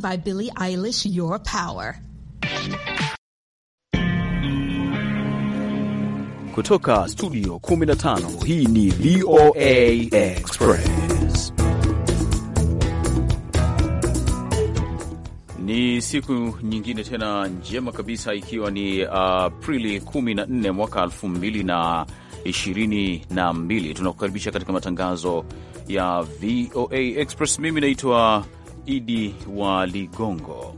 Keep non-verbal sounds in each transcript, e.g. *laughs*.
by Billie Eilish, Your Power. Kutoka studio 15 hii ni VOA Express. Ni siku nyingine tena njema kabisa ikiwa ni uh, Aprili uh, 14 mwaka 2022 tunakukaribisha katika matangazo ya VOA Express. Mimi naitwa Idi wa Ligongo.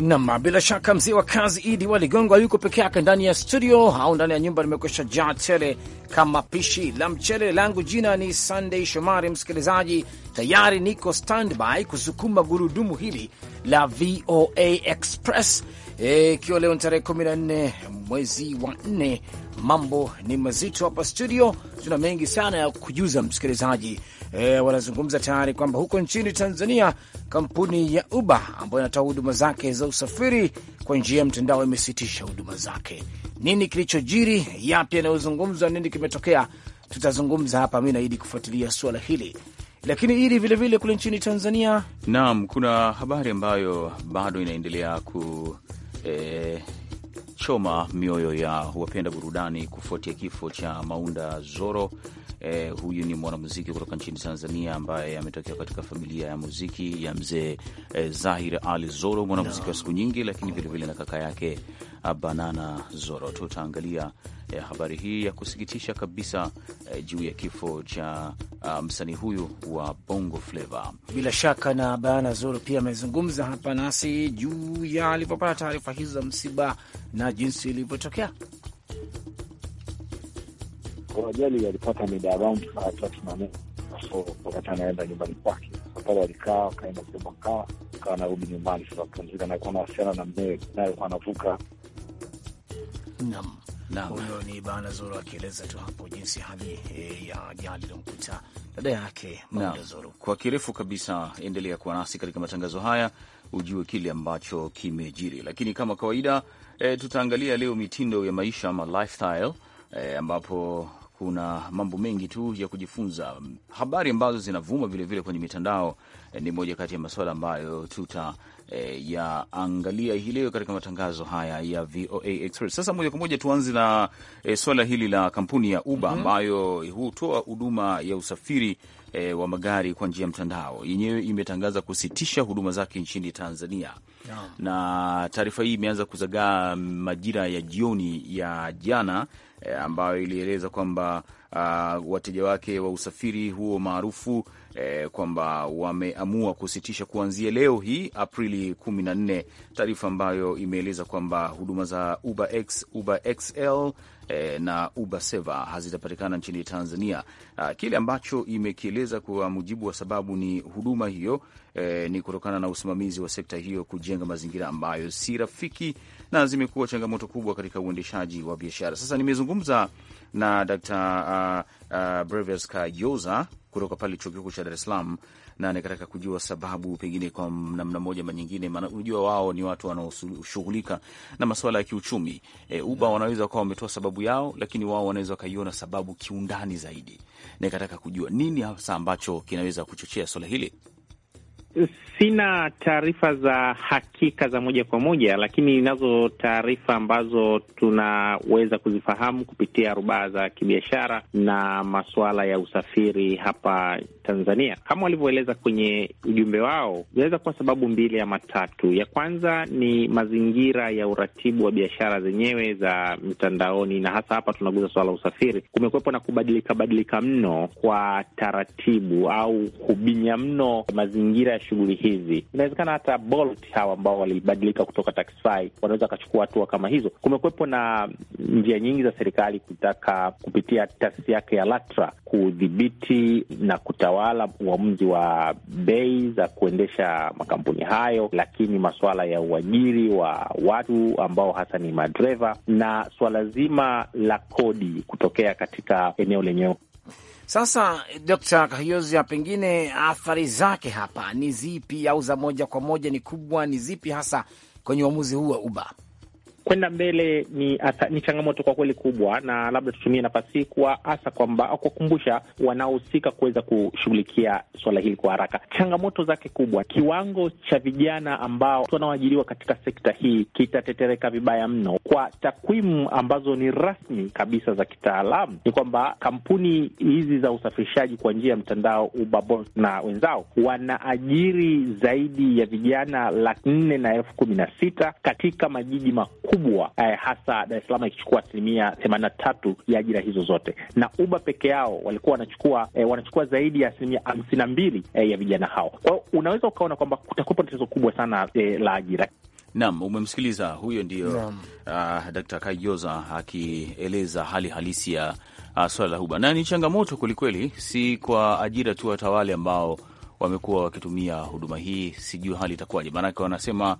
Nam, bila shaka mzee wa kazi Idi wa Ligongo hayuko peke yake ndani ya studio au ndani ya nyumba, limekwesha jaa tele kama pishi la mchele langu. Jina ni Sunday Shomari. Msikilizaji, tayari niko standby kusukuma gurudumu hili la VOA Express e, ikiwa e, leo ni tarehe 14 mwezi wa 4. Mambo ni mazito hapa studio, tuna mengi sana ya kujuza msikilizaji e, wanazungumza tayari kwamba huko nchini Tanzania kampuni ya Uber ambayo inatoa huduma zake za usafiri kwa njia ya mtandao imesitisha huduma zake. Nini kilichojiri? Yapi yanayozungumzwa? Nini kimetokea? Tutazungumza hapa, mi naidi kufuatilia suala hili lakini ili vilevile kule nchini Tanzania, naam, kuna habari ambayo bado inaendelea kuchoma e, mioyo ya wapenda burudani kufuatia kifo cha Maunda Zoro Eh, huyu ni mwanamuziki kutoka nchini Tanzania ambaye ametokea katika familia ya muziki ya mzee eh, Zahir Ali Zoro, mwanamuziki wa siku nyingi, lakini vilevile na kaka yake ah, Banana Zoro. Tutaangalia eh, habari hii ya kusikitisha kabisa eh, juu ya kifo cha uh, msanii huyu wa Bongo Flava. Bila shaka na Banana Zoro pia amezungumza hapa nasi juu ya alivyopata taarifa hizo za msiba na jinsi ilivyotokea ajali walipata mida around saa tatu na nusu so wakati anaenda nyumbani kwake pale walikaa wakaenda kukaa kawa narudi nyumbani sasa kupumzika, nakuwa na wasichana na mmewe naye kuwa anavuka. Naam, huyo ni bana Zoro akieleza tu hapo jinsi hali eh, ya ajali iliyomkuta dada yake Maula Zoro. Kwa kirefu kabisa, endelea kuwa nasi katika matangazo haya ujue kile ambacho kimejiri, lakini kama kawaida e, tutaangalia leo mitindo ya maisha ama lifestyle e, ambapo kuna mambo mengi tu ya kujifunza. Habari ambazo zinavuma vilevile kwenye mitandao eh, ni moja kati ya masuala ambayo tuta eh, ya angalia hii leo katika matangazo haya ya VOA Express. Sasa moja kwa moja tuanze na eh, swala hili la kampuni ya Uber mhm. ambayo mm -hmm. hutoa huduma ya usafiri e, wa magari kwa njia ya mtandao yenyewe imetangaza kusitisha huduma zake nchini Tanzania yeah. Na taarifa hii imeanza kuzagaa majira ya jioni ya jana e, ambayo ilieleza kwamba ah, wateja wake wa usafiri huo maarufu eh, kwamba wameamua kusitisha kuanzia leo hii Aprili 14, taarifa ambayo imeeleza kwamba huduma za Uber X, e, na Uber Seva hazitapatikana nchini Tanzania. kile ambacho imekieleza kwa mujibu wa sababu ni huduma hiyo eh, ni kutokana na usimamizi wa sekta hiyo kujenga mazingira ambayo si rafiki na zimekuwa changamoto kubwa katika uendeshaji wa biashara. Sasa nimezungumza na Dr. uh, uh, Brevius Kayoza kutoka pale chuo kikuu cha Dar es Salaam, na nikataka kujua sababu pengine kwa namna moja ama nyingine, maana unajua wao ni watu wanaoshughulika na masuala ya kiuchumi e, uba wanaweza wakawa wametoa sababu yao, lakini wao wanaweza wakaiona sababu kiundani zaidi. Nikataka kujua nini hasa ambacho kinaweza kuchochea swala hili. Sina taarifa za hakika za moja kwa moja, lakini inazo taarifa ambazo tunaweza kuzifahamu kupitia rubaa za kibiashara na masuala ya usafiri hapa Tanzania. Kama walivyoeleza kwenye ujumbe wao, inaweza kuwa sababu mbili ama tatu. Ya kwanza ni mazingira ya uratibu wa biashara zenyewe za mtandaoni, na hasa hapa tunaguza suala la usafiri. Kumekuwepo na kubadilika badilika mno kwa taratibu au kubinya mno mazingira ya shughuli hizi. Inawezekana hata Bolt hawa ambao walibadilika kutoka Taxify wanaweza wakachukua hatua kama hizo. Kumekuwepo na njia nyingi za serikali kutaka kupitia taasisi yake ya LATRA kudhibiti na kutawa utawala, uamuzi wa bei za kuendesha makampuni hayo, lakini masuala ya uajiri wa watu ambao hasa ni madreva na suala zima la kodi kutokea katika eneo lenyewe. Sasa d Kahiozia, pengine athari zake hapa ni zipi, au za moja kwa moja ni kubwa, ni zipi hasa kwenye uamuzi huu wa Uber? kwenda mbele ni, asa, ni changamoto kwa kweli kubwa, na labda tutumie nafasi hii kuwa hasa kwamba kuwakumbusha wanaohusika kuweza kushughulikia suala hili kwa haraka. Changamoto zake kubwa, kiwango cha vijana ambao wanaoajiriwa katika sekta hii kitatetereka vibaya mno. Kwa takwimu ambazo ni rasmi kabisa za kitaalamu, ni kwamba kampuni hizi za usafirishaji kwa njia ya mtandao Uber, Bolt na wenzao wanaajiri zaidi ya vijana laki nne na elfu kumi na sita katika majiji makubwa kubwa eh, hasa Dar es Salaam ikichukua asilimia themanini na tatu ya ajira hizo zote, na uba peke yao walikuwa wanachukua eh, wanachukua zaidi ya asilimia hamsini na mbili eh, ya vijana hao. Kwa hiyo unaweza ukaona kwamba kutakuwepo tatizo kubwa sana eh, la ajira. Naam, umemsikiliza huyo ndio uh, Dkt. Kayoza akieleza hali halisi ya uh, swala la uba, na ni changamoto kwelikweli, si kwa ajira tu, hata wale ambao wamekuwa wakitumia huduma hii, sijui hali itakuwaje, maanake wanasema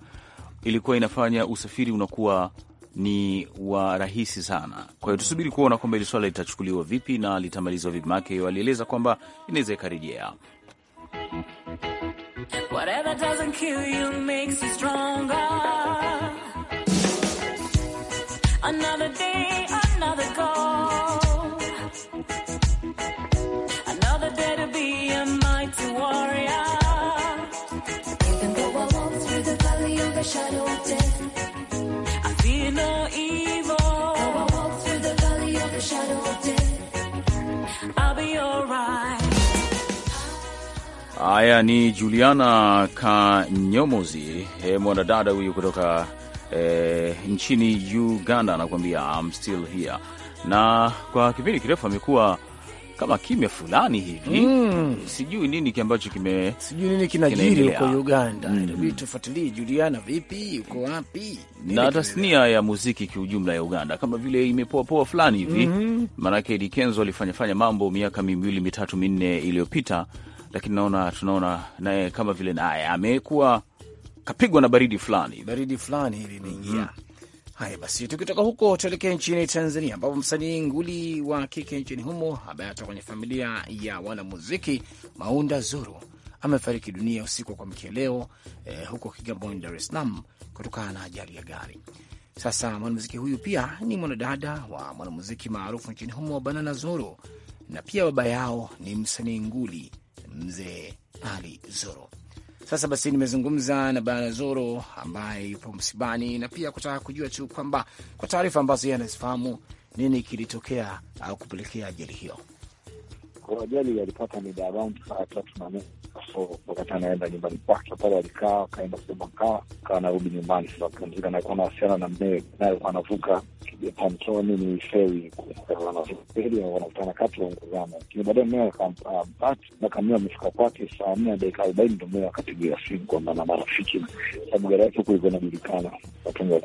ilikuwa inafanya usafiri unakuwa ni wa rahisi sana. Kwa hiyo tusubiri kuona kwamba hili swala litachukuliwa vipi na litamalizwa vipi, maana hiyo alieleza kwamba inaweza ikarejea. Haya ni Juliana Kanyomozi, eh, mwanadada huyu kutoka e, nchini Uganda, anakuambia I'm still here. Na kwa kipindi kirefu amekuwa kama kimya fulani hivi mm. Sijui nini ambacho kime sijui nini kinajiri huko Uganda mm. tufuatilie Juliana, vipi, uko wapi? Na tasnia ya muziki kiujumla ya Uganda kama vile imepoapoa fulani hivi mm -hmm. Dikenzo alifanyafanya mambo miaka miwili mitatu minne iliyopita lakini naona tunaona naye kama vile naye amekuwa kapigwa na baridi fulani, baridi fulani hili imeingia. mm -hmm. Haya basi, tukitoka huko tuelekee nchini Tanzania, ambapo msanii nguli wa kike nchini humo ambaye atoka kwenye familia ya wanamuziki Maunda Zuru amefariki dunia usiku wa kuamkia leo eh, huko Kigamboni, Dar es Salaam, kutokana na ajali ya gari. Sasa mwanamuziki huyu pia ni mwanadada wa mwanamuziki maarufu nchini humo Banana Zuru, na pia baba yao ni msanii nguli mzee Ali Zoro. Sasa basi, nimezungumza na Bwana Zoro ambaye yupo msibani na pia kutaka kujua tu kwamba kwa taarifa ambazo yeye anazifahamu nini kilitokea au kupelekea ajali hiyo ajali alipata mida around saa tatu na nusu so wakati anaenda nyumbani kwake pale alikaa akaenda kusema kaa kaa narudi nyumbani sasa kupumzika, na alikuwa na wasichana na mmewe naye alikuwa anavuka pantoni ni feri wanafeli wanakutana kati waongozana, lakini baadaye mmewe akampati na kamia amefika kwake saa nne na dakika arobaini ndo mmewe akapigia simu kwamba na marafiki, sababu gari yake huku ilikuwa inajulikana, watu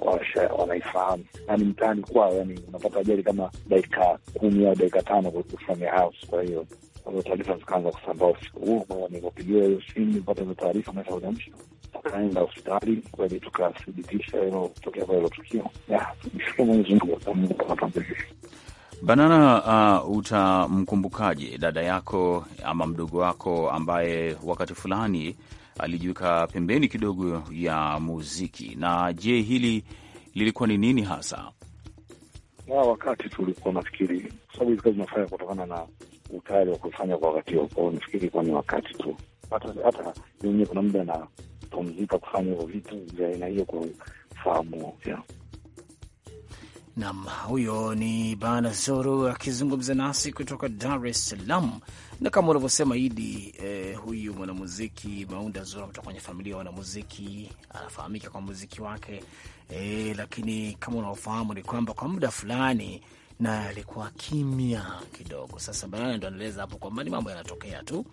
wanaifahamu yani mtaani kwao, yani unapata ajali kama dakika kumi au dakika tano kufanya house, kwa hiyo kwazo taarifa zikaanza kusambaa usiku huo. Kwao nikapigiwa hiyo simu pata hizo taarifa maisha kunyamsha, tukaenda hospitali kweli, tukathibitisha hilo tokea kwa hilo tukio. Mshukuru Mwenyezi Mungu Banana, uh, utamkumbukaje dada yako ama mdogo wako ambaye wakati fulani alijiweka pembeni kidogo ya muziki? Na je, hili lilikuwa ni nini hasa? Na wakati tulikuwa nafikiri, kwa sababu hizi kazi zinafanya kutokana na utayari wa kufanya kwa wakati huo. Kwao nafikiri kuwa ni wakati tu, hata hata mwenyewe kuna muda napumzika kufanya hivyo vitu vya aina hiyo kwa ufahamu yeah. Nam, huyo ni Bana Zoro akizungumza nasi kutoka Dar es Salaam. Na kama unavyosema Idi, eh, huyu mwanamuziki Maunda Zoro kutoka kwenye familia ya wanamuziki, anafahamika kwa muziki wake eh, lakini kama unaofahamu ni kwamba kwa muda fulani na alikuwa kimya kidogo. Sasa Banana ndo anaeleza hapo kwamba ni mambo yanatokea tu,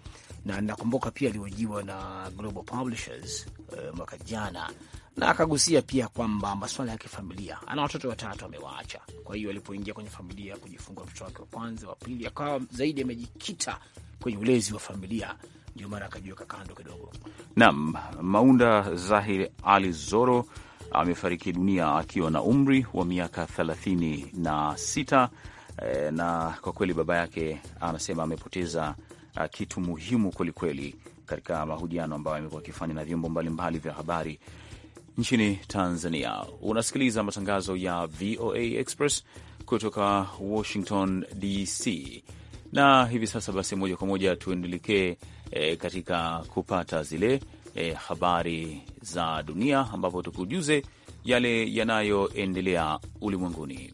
na nakumbuka pia aliojiwa na Global Publishers uh, mwaka jana, na akagusia pia kwamba maswala ya kifamilia, ana watoto watatu amewaacha. Kwa hiyo alipoingia kwenye familia kujifungua mtoto wake wa kwanza, wa pili, akawa zaidi amejikita kwenye ulezi wa familia ndio maana akajiweka kando kidogo. Naam, Maunda Zahir Ali Zoro amefariki dunia akiwa na umri wa miaka 36 na, eh, na kwa kweli baba yake anasema amepoteza ah, kitu muhimu kwelikweli katika mahojiano ambayo amekuwa akifanya na vyombo mbalimbali vya habari nchini Tanzania. Unasikiliza matangazo ya VOA Express kutoka Washington DC, na hivi sasa basi, moja kwa moja tuendelekee eh, katika kupata zile e, habari za dunia ambapo tukujuze yale yanayoendelea ulimwenguni.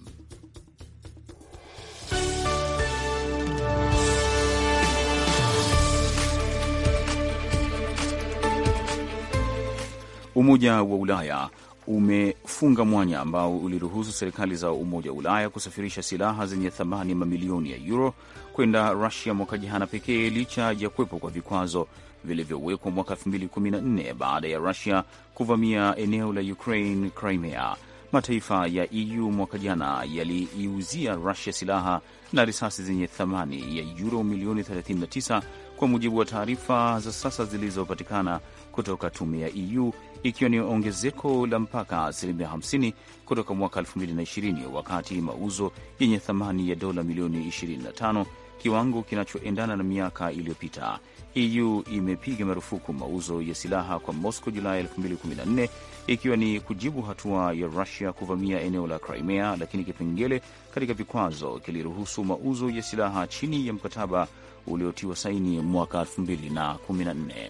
Umoja wa Ulaya umefunga mwanya ambao uliruhusu serikali za Umoja wa Ulaya kusafirisha silaha zenye thamani mamilioni ya euro kwenda Rusia mwaka jana pekee, licha ya kuwepo kwa vikwazo vilivyowekwa mwaka 2014 baada ya Rusia kuvamia eneo la Ukraine, Crimea. Mataifa ya EU mwaka jana yaliiuzia Rusia silaha na risasi zenye thamani ya euro milioni 39 kwa mujibu wa taarifa za sasa zilizopatikana kutoka tume ya EU ikiwa ni ongezeko la mpaka asilimia 50 kutoka mwaka 2020 wakati mauzo yenye thamani ya dola milioni 25 kiwango kinachoendana na miaka iliyopita. EU imepiga marufuku mauzo ya silaha kwa Moscow Julai 2014 ikiwa ni kujibu hatua ya Rusia kuvamia eneo la Crimea, lakini kipengele katika vikwazo kiliruhusu mauzo ya silaha chini ya mkataba uliotiwa saini mwaka 2014.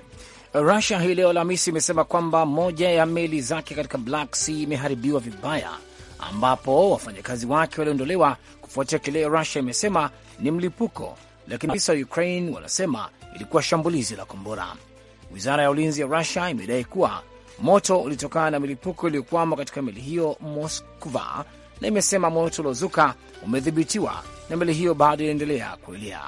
Rusia hii leo Alhamisi imesema kwamba moja ya meli zake katika Black Sea imeharibiwa vibaya, ambapo wafanyakazi wake waliondolewa kufuatia kile Rusia imesema ni mlipuko, lakini maafisa wa Ukraine wanasema ilikuwa shambulizi la kombora. Wizara ya ulinzi ya Rusia imedai kuwa moto ulitokana na milipuko iliyokwama katika meli hiyo Moskva, na imesema moto uliozuka umedhibitiwa na meli hiyo bado inaendelea kuelea.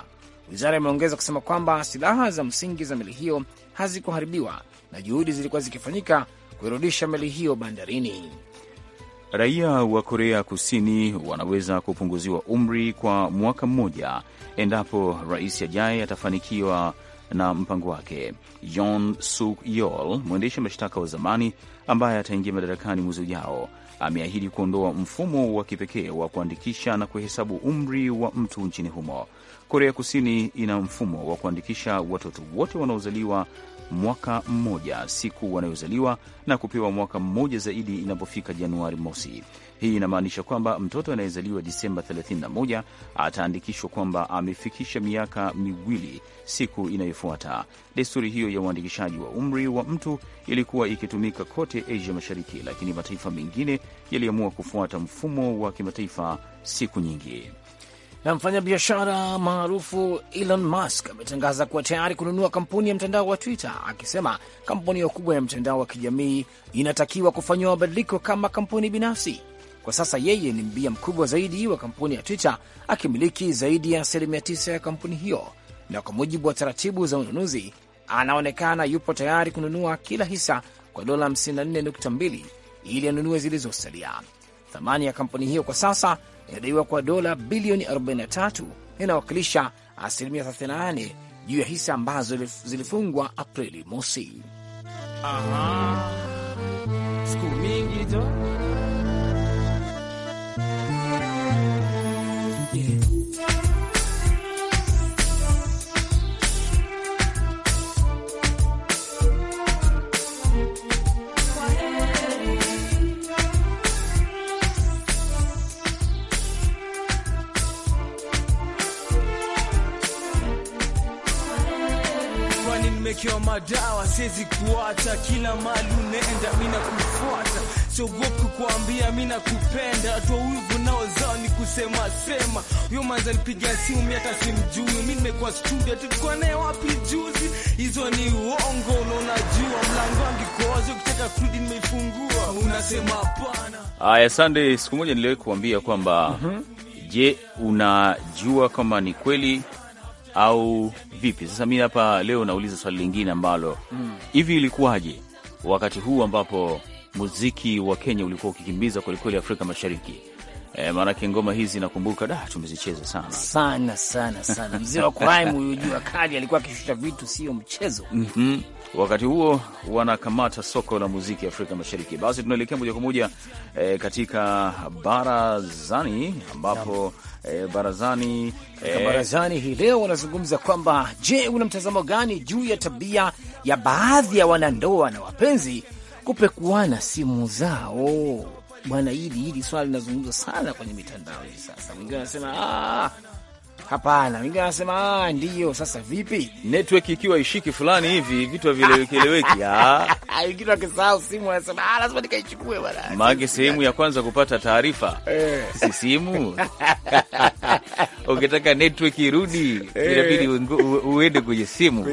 Wizara imeongeza kusema kwamba silaha za msingi za meli hiyo hazikuharibiwa na juhudi zilikuwa zikifanyika kuirudisha meli hiyo bandarini. Raia wa Korea Kusini wanaweza kupunguziwa umri kwa mwaka mmoja endapo rais ajaye atafanikiwa na mpango wake. Yon Suk Yol, mwendesha mashtaka wa zamani ambaye ataingia madarakani mwezi ujao, ameahidi kuondoa mfumo wa kipekee wa kuandikisha na kuhesabu umri wa mtu nchini humo. Korea Kusini ina mfumo wa kuandikisha watoto wote wanaozaliwa mwaka mmoja siku wanayozaliwa na kupewa mwaka mmoja zaidi inapofika Januari mosi. Hii inamaanisha kwamba mtoto anayezaliwa Disemba 31 ataandikishwa kwamba amefikisha miaka miwili siku inayofuata. Desturi hiyo ya uandikishaji wa umri wa mtu ilikuwa ikitumika kote Asia Mashariki, lakini mataifa mengine yaliamua kufuata mfumo wa kimataifa siku nyingi na mfanyabiashara maarufu Elon Musk ametangaza kuwa tayari kununua kampuni ya mtandao wa Twitter, akisema kampuni ya kubwa ya mtandao wa kijamii inatakiwa kufanyiwa mabadiliko kama kampuni binafsi. Kwa sasa yeye ni mbia mkubwa zaidi wa kampuni ya Twitter, akimiliki zaidi ya asilimia tisa ya kampuni hiyo, na kwa mujibu wa taratibu za ununuzi, anaonekana yupo tayari kununua kila hisa kwa dola 54.2 ili anunue zilizosalia. Thamani ya kampuni hiyo kwa sasa inadaiwa kwa dola bilioni 43, inawakilisha asilimia 38 juu ya hisa ambazo zilifungwa Aprili mosi. Aha. nikiwa madawa, siwezi kuacha, kila mali unaenda, mimi nakufuata, siogopi kuambia mimi nakupenda, toa wivu nao zao ni kusema sema. Huyo manza nipigia simu mimi hata simjui, mimi nimekuwa studio, tulikuwa naye wapi juzi? Hizo ni uongo, unaonajua mlango wangu koozo, ukitaka kurudi nimeifungua, unasema hapana. Aya, sande. siku moja niliwahi kuambia kwamba mm -hmm. Je, unajua kama ni kweli au vipi? Sasa mi hapa leo nauliza swali lingine ambalo hmm. hivi, mm. ilikuwaje wakati huu ambapo muziki wa Kenya ulikuwa ukikimbiza kwelikweli Afrika Mashariki E, maanake ngoma hizi nakumbuka da tumezicheza sana sana sana sana. Mzee wa crime huyo, jua kali alikuwa akishusha vitu sio mchezo. mm -hmm. Wakati huo wanakamata soko la muziki Afrika Mashariki. Basi tunaelekea moja kwa moja e, katika barazani ambapo e, barazani e, barazani hii leo wanazungumza kwamba je, una mtazamo gani juu ya tabia ya baadhi ya wanandoa na wapenzi kupekuana simu zao? bwana hili hili swala linazungumzwa sana kwenye mitandao hii sasa. Mwingine anasema ah, hapana, wengine anasema ah, ndio. Sasa vipi, network ikiwa ishiki fulani hivi vitu havieleweki, wengine *laughs* ah. wakisahau simu anasema lazima nikaichukue bwana, maake sehemu ya kwanza kupata taarifa eh. si simu *laughs* ukitaka network irudi eh. inabidi uende kwenye simu.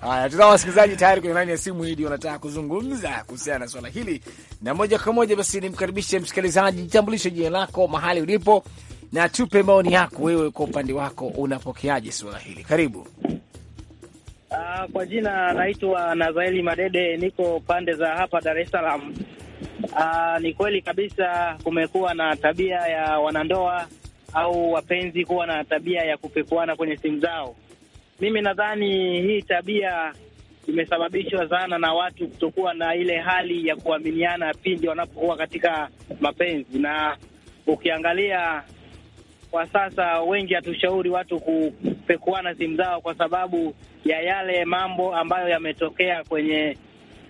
Haya, tuzao wasikilizaji tayari kwenye laini ya simu hili wanataka kuzungumza kuhusiana na swala hili, na moja kwa moja basi nimkaribishe msikilizaji. Jitambulishe jina lako, mahali ulipo, na tupe maoni yako wewe, kwa upande wako unapokeaje swala hili? Karibu. Uh, kwa jina naitwa Nazaeli Madede, niko pande za hapa Dar es Salaam. Uh, ni kweli kabisa kumekuwa na tabia ya wanandoa au wapenzi kuwa na tabia ya kupekuana kwenye simu zao. Mimi nadhani hii tabia imesababishwa sana na watu kutokuwa na ile hali ya kuaminiana pindi wanapokuwa katika mapenzi, na ukiangalia kwa sasa wengi hatushauri watu kupekuana simu zao kwa sababu ya yale mambo ambayo yametokea kwenye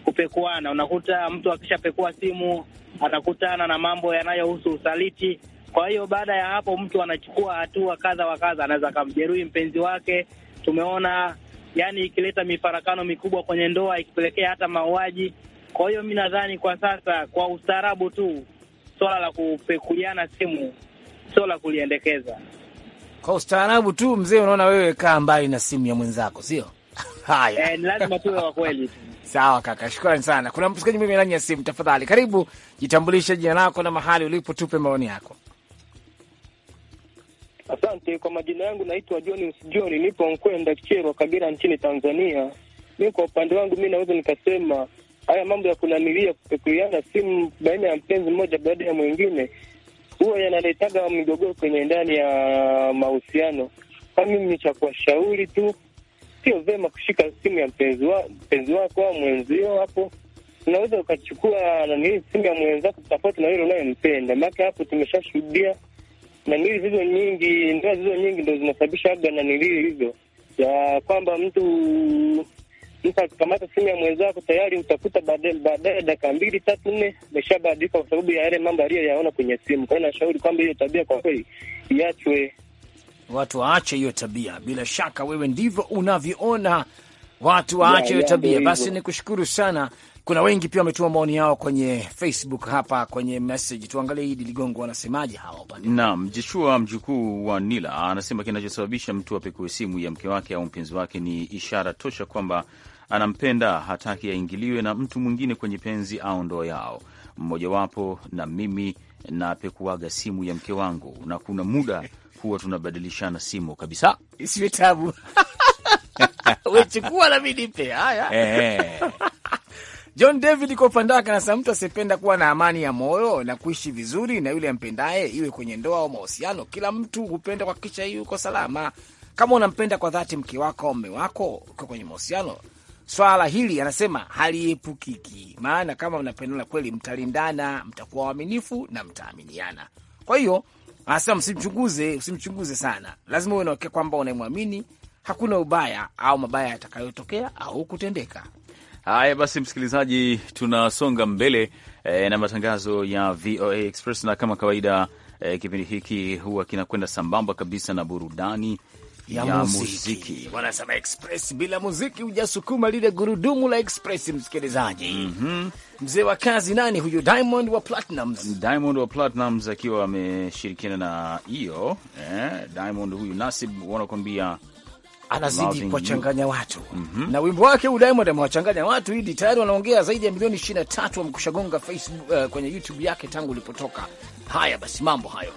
kupekuana. Unakuta mtu akishapekua simu anakutana na mambo yanayohusu usaliti kwa hiyo baada ya hapo mtu anachukua hatua kadha wa kadha, anaweza akamjeruhi mpenzi wake. Tumeona yani ikileta mifarakano mikubwa kwenye ndoa, ikipelekea hata mauaji. Kwa hiyo mi nadhani kwa sasa, kwa ustaarabu tu, swala la kupekuliana simu sio la kuliendekeza. Kwa ustaarabu tu, mzee, unaona wewe, kaa mbali na simu ya mwenzako, sio *laughs* haya? Eh, ni lazima tuwe wa kweli tu. *laughs* Sawa kaka, shukrani sana. Kuna msikilizaji mwenye ndani ya simu. Tafadhali karibu, jitambulishe jina lako na mahali ulipo, tupe maoni yako. Asante kwa majina yangu, naitwa John nipo Nkwenda Kicherwa, Kagera nchini Tanzania. Mi kwa upande wangu mi naweza nikasema haya mambo ya kunamilia kupekuliana simu baina ya mpenzi mmoja baada ya mwingine huwa yanaletaga migogoro kwenye ndani ya mahusiano. Kwa mimi cha kuwashauri tu, sio vema kushika simu ya mpenzi wa mpenzi wako au mwenzio. Hapo unaweza ukachukua nani simu ya mwenzako tofauti na yule unayempenda, maana hapo tumeshashuhudia na nili zizo nyingi, ndoa zizo nyingi ndo zinasababisha labda na nili hizo ya kwamba mtu mtu akikamata simu ya mwenzako tayari utakuta baadaye dakika mbili tatu nne ameshabadilika kwa sababu ya yale mambo aliyoyaona kwenye simu. Kwa hiyo nashauri kwamba hiyo tabia kwa kweli iachwe, watu waache hiyo tabia. Bila shaka wewe ndivyo unavyoona, watu waache hiyo tabia. Basi ni kushukuru sana kuna wengi pia wametuma maoni yao kwenye Facebook hapa kwenye message. Tuangalie Idi Ligongo wanasemaje hawa upande. Naam, Jeshua mjukuu wa Nila anasema kinachosababisha mtu apekue simu ya mke wake au mpenzi wake ni ishara tosha kwamba anampenda, hataki aingiliwe na mtu mwingine kwenye penzi au ndoa yao. Mmojawapo na mimi napekuaga simu ya mke wangu, na kuna muda huwa tunabadilishana simu kabisa, isiwe tabu *laughs* wechukua nami nipe haya eh, eh. John David Kopandaka anasema mtu asipenda kuwa na amani ya moyo na kuishi vizuri na yule ampendaye, iwe kwenye ndoa au mahusiano. Kila mtu hupenda kuhakikisha hii uko salama. Kama unampenda kwa dhati mke wako au mme wako, uko kwenye mahusiano, swala hili anasema haliepukiki, maana kama mnapendana kweli, mtalindana, mtakuwa waaminifu na mtaaminiana. Kwa hiyo anasema msimchunguze, usimchunguze sana, lazima uwe na uhakika kwamba unamwamini, hakuna ubaya au mabaya yatakayotokea au kutendeka. Haya basi, msikilizaji, tunasonga mbele e, na matangazo ya VOA Express, na kama kawaida e, kipindi hiki huwa kinakwenda sambamba kabisa na burudani ya, ya muziki. Wanasema express bila muziki hujasukuma lile gurudumu la express, msikilizaji. mm -hmm. Mzee wa kazi nani huyu? Diamond wa Platnumz, Diamond wa Platnumz akiwa ameshirikiana na hiyo eh, Diamond huyu Nasib wanakuambia anazidi kuwachanganya watu mm -hmm. na wimbo wake huu Diamond amewachanganya watu hidi tayari wanaongea zaidi ya milioni 23 wamekushagonga Facebook, uh, kwenye YouTube yake tangu ulipotoka. Haya basi mambo hayo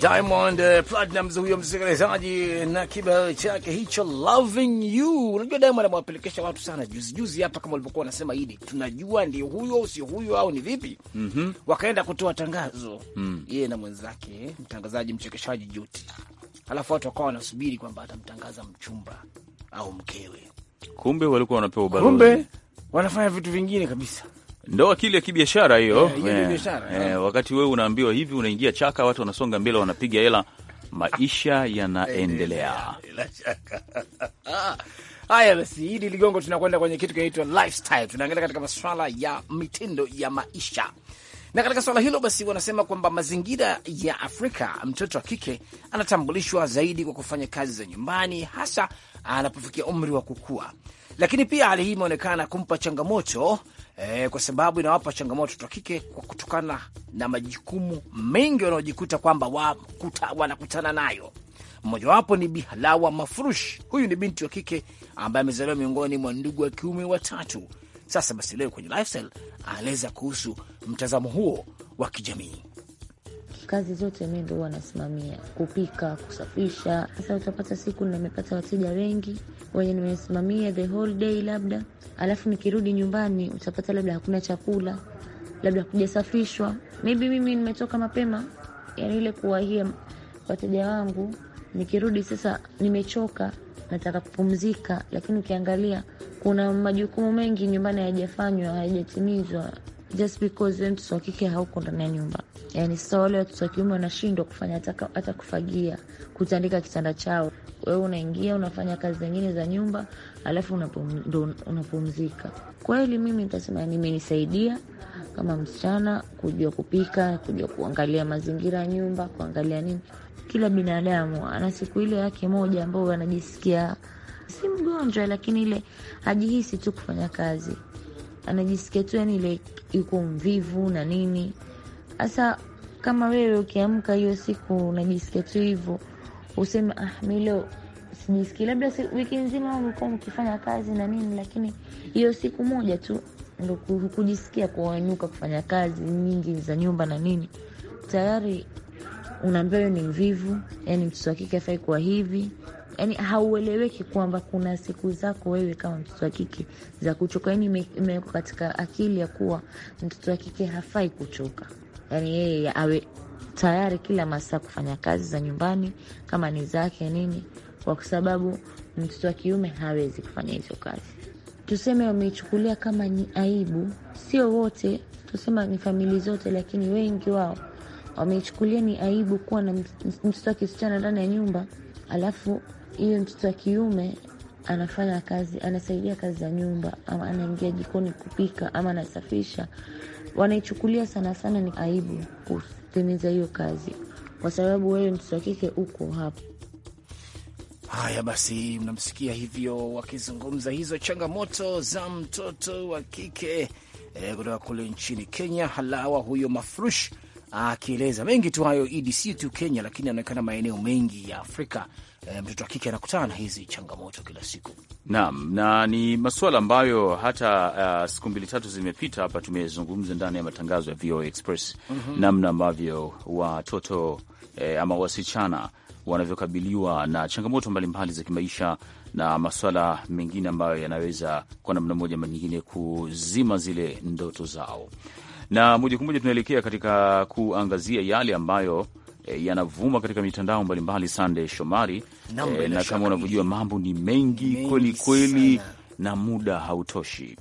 Diamond eh, Platnumz huyo msikilizaji, na kibao chake hicho loving you. Unajua Diamond amewapelekesha watu sana juzi juzi hapa, kama walivyokuwa wanasema Idi, tunajua ndio huyo sio huyo au ni vipi? mm -hmm. Wakaenda kutoa tangazo mm. yeye na mwenzake mtangazaji mchekeshaji Juti, alafu watu wakawa wanasubiri kwamba atamtangaza mchumba au mkewe, kumbe walikuwa wanapewa barua, kumbe wanafanya vitu vingine kabisa ndo akili ya kibiashara hiyo yeah, yeah. yeah. Wakati wewe unaambiwa hivi, unaingia chaka, watu wanasonga mbele, wanapiga hela, maisha *laughs* eh, yanaendelea. *laughs* Haya basi, hili ligongo, tunakwenda kwenye kitu kinaitwa lifestyle. Tunaangalia katika masuala ya mitindo ya maisha, na katika swala hilo basi wanasema kwamba mazingira ya Afrika, mtoto wa kike anatambulishwa zaidi kwa kufanya kazi za nyumbani, hasa anapofikia umri wa kukua, lakini pia hali hii imeonekana kumpa changamoto e, kwa sababu inawapa changamoto watoto wa kike kwa kutokana na majukumu mengi wanaojikuta kwamba wakuta, wanakutana nayo. Mmojawapo ni Bihalawa Mafrush. Huyu ni binti wa kike ambaye amezaliwa miongoni mwa ndugu wa kiume watatu. Sasa basi, leo kwenye lifestyle anaeleza kuhusu mtazamo huo wa kijamii kazi zote mi ndo huwa nasimamia, kupika, kusafisha. Sasa utapata siku nimepata wateja wengi wenye nimesimamia the whole day labda, alafu nikirudi nyumbani utapata labda hakuna chakula, labda hakujasafishwa, maybe mimi nimetoka mapema, yani ile kuwahia wateja wangu. Nikirudi sasa nimechoka, nataka kupumzika, lakini ukiangalia kuna majukumu mengi nyumbani hayajafanywa, hayajatimizwa just because wewe mtoto wa kike hauko ndani ya nyumba. Yani sasa wale watoto wa kiume wanashindwa kufanya hata, kufagia, kutandika kitanda chao. Wewe unaingia unafanya kazi zingine za nyumba, alafu unapumzika. Kweli mimi nitasema nimenisaidia kama msichana kujua kupika, kujua kuangalia mazingira ya nyumba, kuangalia nini. Kila binadamu ana siku ile yake moja ambayo anajisikia si mgonjwa, lakini ile hajihisi tu kufanya kazi anajisikia tu yani ile iko mvivu na nini. Sasa kama wewe ukiamka hiyo siku unajisikia tu hivyo, useme ah, mi leo sijisiki, labda wiki nzima umekuwa mkifanya kazi na nini, lakini hiyo siku moja tu ndo kujisikia kuanyuka kufanya kazi nyingi za nyumba na nini, tayari unaambiwa ni mvivu, yani mtoto wa kike afai kuwa hivi, yani haueleweki kwamba kuna siku zako wewe kama mtoto wa kike za kuchoka. Yani imewekwa katika akili ya kuwa mtoto wa kike hafai kuchoka, yani yeye awe tayari kila masaa kufanya kazi za nyumbani kama ni zake nini, kwa sababu mtoto wa kiume hawezi kufanya hizo kazi. Tuseme wameichukulia kama ni aibu, sio wote, tusema ni famili zote, lakini wengi wao wameichukulia ni aibu kuwa na mtoto wa kisichana ndani ya nyumba alafu hiyo mtoto wa kiume anafanya kazi, anasaidia kazi za nyumba, ama anaingia jikoni kupika, ama anasafisha. Wanaichukulia sana sana ni aibu kutimiza hiyo kazi, kwa sababu wewe mtoto wa kike uko hapo. Haya basi, mnamsikia hivyo wakizungumza hizo changamoto za mtoto wa kike eh, kutoka kule nchini Kenya. Halawa huyo Mafrush akieleza mengi tu hayo. Idc tu Kenya, lakini anaonekana maeneo mengi ya Afrika eh, mtoto wa kike anakutana na hizi changamoto kila siku. Naam, na ni masuala ambayo hata uh, siku mbili tatu zimepita hapa tumezungumza ndani ya matangazo ya VOA Express mm -hmm. namna ambavyo watoto eh, ama wasichana wanavyokabiliwa na changamoto mbalimbali za kimaisha na masuala mengine ambayo yanaweza kwa namna moja ama nyingine kuzima zile ndoto zao. Na moja kwa moja tunaelekea katika kuangazia yale ambayo e, yanavuma katika mitandao mbalimbali. Sande Shomari e, na kama unavyojua mambo ni mengi, mengi kweli kweli na muda hautoshi okay.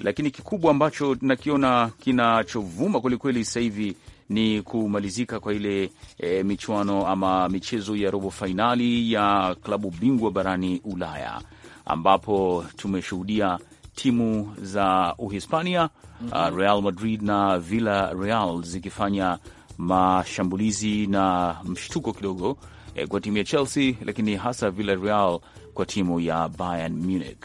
Lakini kikubwa ambacho nakiona kinachovuma kwelikweli sasa hivi ni kumalizika kwa ile e, michuano ama michezo ya robo fainali ya klabu bingwa barani Ulaya ambapo tumeshuhudia timu za Uhispania mm -hmm. uh, Real Madrid na Villa Real zikifanya mashambulizi na mshtuko kidogo eh, kwa timu ya Chelsea, lakini hasa Villa Real kwa timu ya Bayern Munich,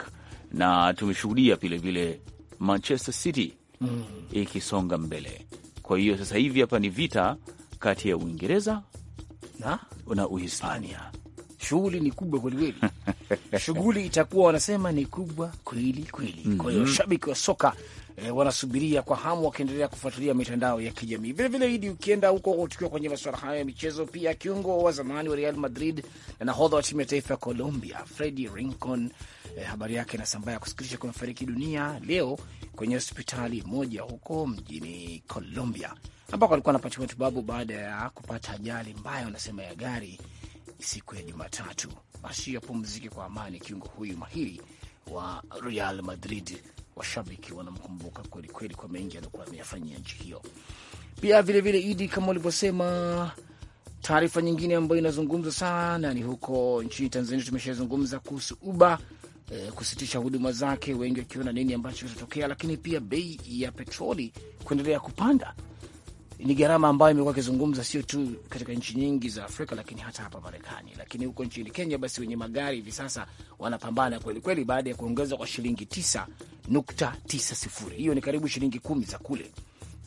na tumeshuhudia vilevile Manchester City mm -hmm. ikisonga mbele. Kwa hiyo sasa hivi hapa ni vita kati ya Uingereza na, na Uhispania shughuli ni kubwa kwelikweli. *laughs* Shughuli itakuwa wanasema ni kubwa kweli kweli. mm -hmm. Kwa hiyo shabiki wa soka e, wanasubiria kwa hamu, wakiendelea kufuatilia mitandao ya kijamii vilevile. Idi, ukienda huko, tukiwa kwenye masuala hayo ya michezo, pia kiungo wa zamani wa Real Madrid na nahodha wa timu ya taifa ya Colombia Freddy Rincon, e, habari yake inasambaa ya kusikitisha, kumefariki dunia leo kwenye hospitali moja huko mjini Colombia ambako alikuwa anapatiwa matibabu baada ya kupata ajali mbaya, wanasema ya gari siku ya Jumatatu. Basi apumzike kwa amani kiungo huyu mahiri wa Real Madrid. Washabiki wanamkumbuka kwelikweli kwa mengi aliokuwa ameyafanyia nchi hiyo. Pia vilevile vile, Idi, kama ulivyosema, taarifa nyingine ambayo inazungumzwa sana ni huko nchini Tanzania. Tumeshazungumza kuhusu Uber e, kusitisha huduma zake, wengi wakiona nini ambacho kitatokea, lakini pia bei ya petroli kuendelea kupanda ni gharama ambayo imekuwa ikizungumza sio tu katika nchi nyingi za Afrika, lakini hata hapa Marekani. Lakini huko nchini Kenya, basi wenye magari hivi sasa wanapambana kweli kweli, baada ya kuongezwa kwa shilingi sifuri, hiyo ni karibu shilingi kumi za kule.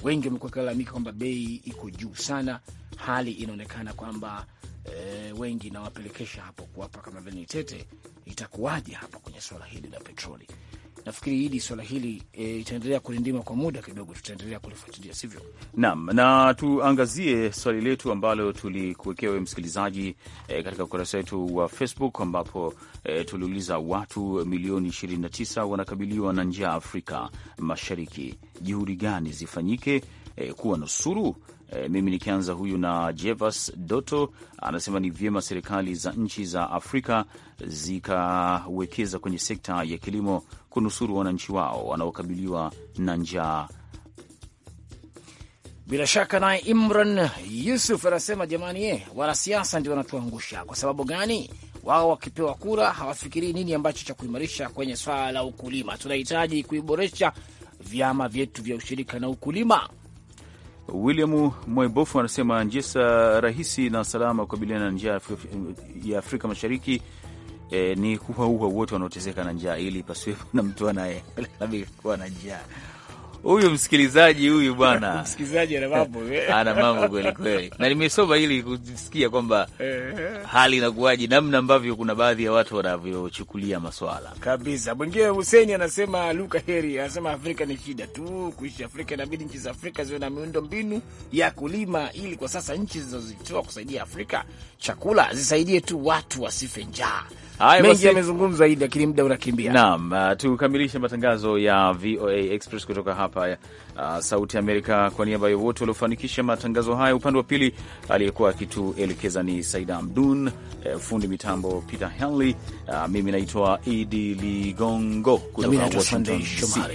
Wengi wamekuwa wakilalamika kwamba bei iko juu sana, hali inaonekana kwamba e, wengi nawapelekesha hapo kuwapa kama vile ni tete. Itakuwaje hapa kwenye swala hili la petroli? nafikiri hili swala hili e, itaendelea kulindima kwa muda kidogo, tutaendelea kulifuatilia, sivyo? Naam, na tuangazie swali letu ambalo tulikuwekea wewe msikilizaji e, katika ukurasa wetu wa Facebook ambapo e, tuliuliza watu milioni 29 wanakabiliwa na njaa Afrika Mashariki, juhudi gani zifanyike e, kuwa nusuru E, mimi nikianza huyu na Jevas Doto anasema ni vyema serikali za nchi za Afrika zikawekeza kwenye sekta ya kilimo kunusuru wananchi wao wanaokabiliwa na njaa. Bila shaka naye Imran Yusuf anasema jamani, ye eh, wanasiasa ndio wanatuangusha. Kwa sababu gani? Wao wakipewa kura hawafikirii nini ambacho cha kuimarisha kwenye swala la ukulima. Tunahitaji kuiboresha vyama vyetu vya ushirika na ukulima William Mwebofu anasema sa rahisi na salama kukabiliana na njaa ya Afrika Mashariki e, ni kuwaua wote wanaoteseka na njaa ili pasiwepo na mtu anaye *laughs* kuwa na njaa huyu msikilizaji huyu bwana *laughs* msikilizaji ana mambo eh. *laughs* ana mambo kweli kweli, na nimesoma ili kusikia kwamba hali inakuwaje, namna ambavyo kuna baadhi ya watu wanavyochukulia maswala kabisa. Mwingine Huseni anasema Luka Heri anasema Afrika ni shida tu kuishi Afrika, inabidi nchi za Afrika ziwe na miundo mbinu ya kulima, ili kwa sasa nchi zinazozitoa kusaidia Afrika chakula zisaidie tu watu wasife njaa mengi yamezungumza hidi, lakini muda unakimbia. Naam, uh, tukamilishe matangazo ya VOA Express kutoka hapa uh, Sauti Amerika. Kwa niaba ya wote waliofanikisha matangazo haya, upande wa pili aliyekuwa akituelekeza ni Saida Amdun, uh, fundi mitambo Peter Henley, uh, mimi naitwa Idi Ligongo kutoka Washington DC.